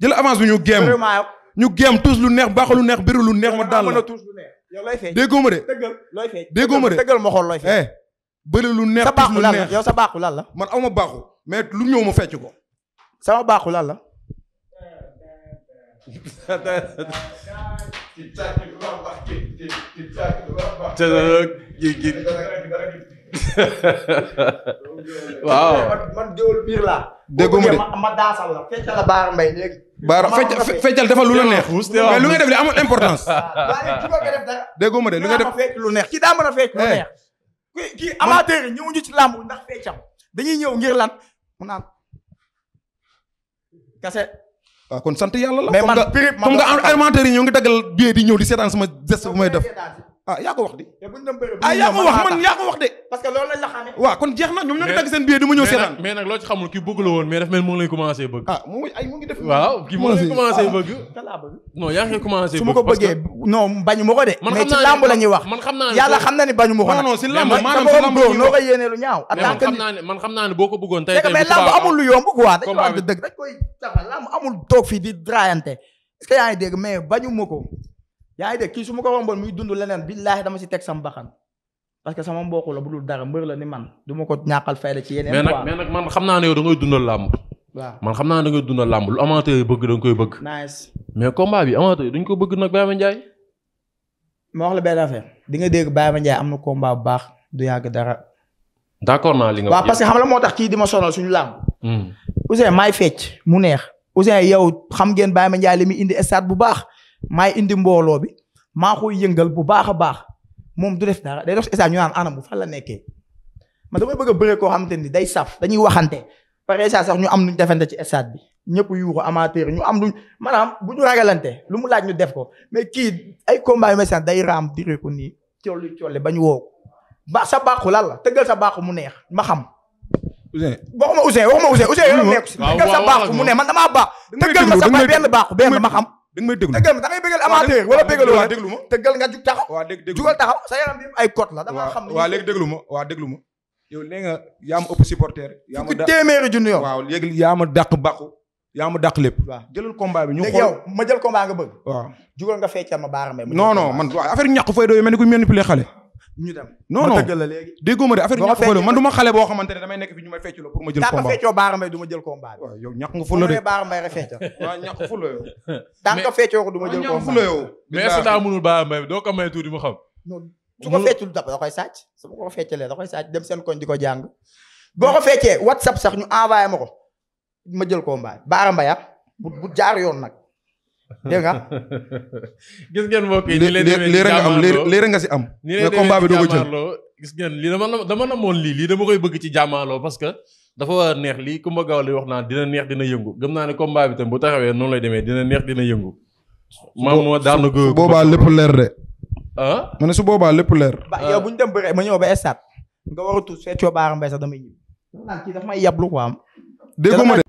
jël avance bi ñu géem ñu géem tuus lu neex baaxul lu neex biru lu neex ma daan la déggoo ma de déggoo ma de eh bëri lu neex tuus lu neex sa baaxu laal la man aw ma baaxu mais lu ñëw ma fecc ko sama baaxu lan la biir laa déggu ma de ma daasal la feccal la Baara Mbaye léegi. Baara feccal dafa lu la neex. mais lu nga def de amul importance. déggu ma de lu nga def lu neex. ki daa mën a fecc lu eh. neex. kii kii amateur yi ñëwuñu ci làmb ndax feccam dañuy ñëw ngir lan mu naan kase. waaw kon sant yàlla la. mais man comme nga amateur yi ñoo ngi daggal billet di ñëw di seetaan sama geste bu may def. ah, ah yaa ko wax de. parce que loolu lañ la xamee. waaw kon jeex na ñoom ñoo ngi dagg seen billet du ma ñëw seetaan. mais nag loo ci xamul kii bëgg la woon mais daf mel mu ngi lay bëgg. ah mu mu ah. ko bëggee non bañu ko de. mais ci làmb la wax. man xam naa ne yàlla xam na ni bañu ma ko. non non si làmb maanaam si làmb noo ko yéenee lu ñaaw. man xam naa ne boo ko bëggoon tey tey mais amul lu yomb quoi dañu wax dëgg dañ koy taxal làmb amul toog fii di draayante est que ma ko yaa ngi dégg kii su ma ko romboon muy dund leneen billaahi dama si teg sama baxan parce sama mbokk la bu dul dara mbër la ni man du ko ñàkkal fayda ci yeneen. mais nag mais xam naa ne yow da ngay làmb. naa ne da ngay dundal lu amateur bëgg da nga koy bëgg. nice mais combat bi amateur yi duñ ko bëgg nag Baye Mandiaye. ma wax la benn affaire di nga dégg Baye Mandiaye am na combat bu baax du yàgg dara. d' accord naa li nga. waaw parce que xam la moo tax kii di ma sonal suñu làmb. Hmm. Ousseyn maay fecc mu neex. Ousseyn yow xam ngeen Baye Mandiaye li muy indi stade bu baax maay indi mbooloo bi maa koy yëngal bu baax a baax moom du def dara day dox si ñu naan anam bu fan la nekkee man damay bëgg a bëre koo xamante ni day saf dañuy waxante pare saa sax ñu am ñu defante ci stade bi ñëpp yuuxu amateur ñu am luñ maanaam bu ñu ragalante lu mu laaj ñu def ko mais kii ay combat yu mel day raam diré ko nii colli colli ba ñu woo ko ba sa baaxu lan la tëggal sa baax mu neex ma xam. Ousseyn waxuma Ousseyn waxuma Ousseyn Ousseyn yow nekk si tëggal sa baaxu mu neex man damaa ma sa baax benn baaxu da nga may déglu déggal ma da ngay bégal amateur wala bégalu waa déglu ma déggal nga jug jugal taxaw sa yaram bi ay cote la damaa xam ne waa léegi déglu ma waa déglu ma yow léegi nga yaa ma ëpp supporter yaa ma téeméeri junni yow waaw léegi yaa ma dàq lépp waaw jëlal combat bi ñu xool yow ma jël combat nga bëgg waaw jugal nga feccal ma a may non non man affaire ñàkk fay dooyu mel ni ku manipulé xale ñu dem non non déggoo ma de affaire ñàkk du ma xale boo xamante ne damay nekk fi ñu may fecculoo pour ma jël combat feccoo Baara Mbaye du ma jël combat bi waaw yow ñàkk nga fulla yow tant que feccoo ko du ma jël combat fulla yow mais est daa mënul Baara Mbaye doo ko may tuuti mu xam non su ko feccul dab da koy sàcc su ma ko feccalee da koy sàcc dem seen koñ di ko jàng boo ko feccee whatsapp sax ñu envoyé ma ko ma jël combat Baara Mbaye ah, bu bu jaar yoon nag dégg nga. gis ngeen mbokk yi. li li rek nga am li rek nga si am. mais combat bi doo ko jël gis ngeen lii dama dama namoon lii lii dama koy bëgg ci jàmmaarloo parce que dafa war a neex lii Coumba Gawlo wax naa dina neex dina yëngu gëm naa ne combat bi tam bu taxawee noonu lay demee dina neex dina yëngu. maam moo daanu góor boobaa lépp leer de. ah ma ne su boobaa lépp leer. ba yow bu ba ñëw ba stade nga war a tuut fee coobaara mbay sax damay ñëw. naan kii daf may yablu quoi. dégguma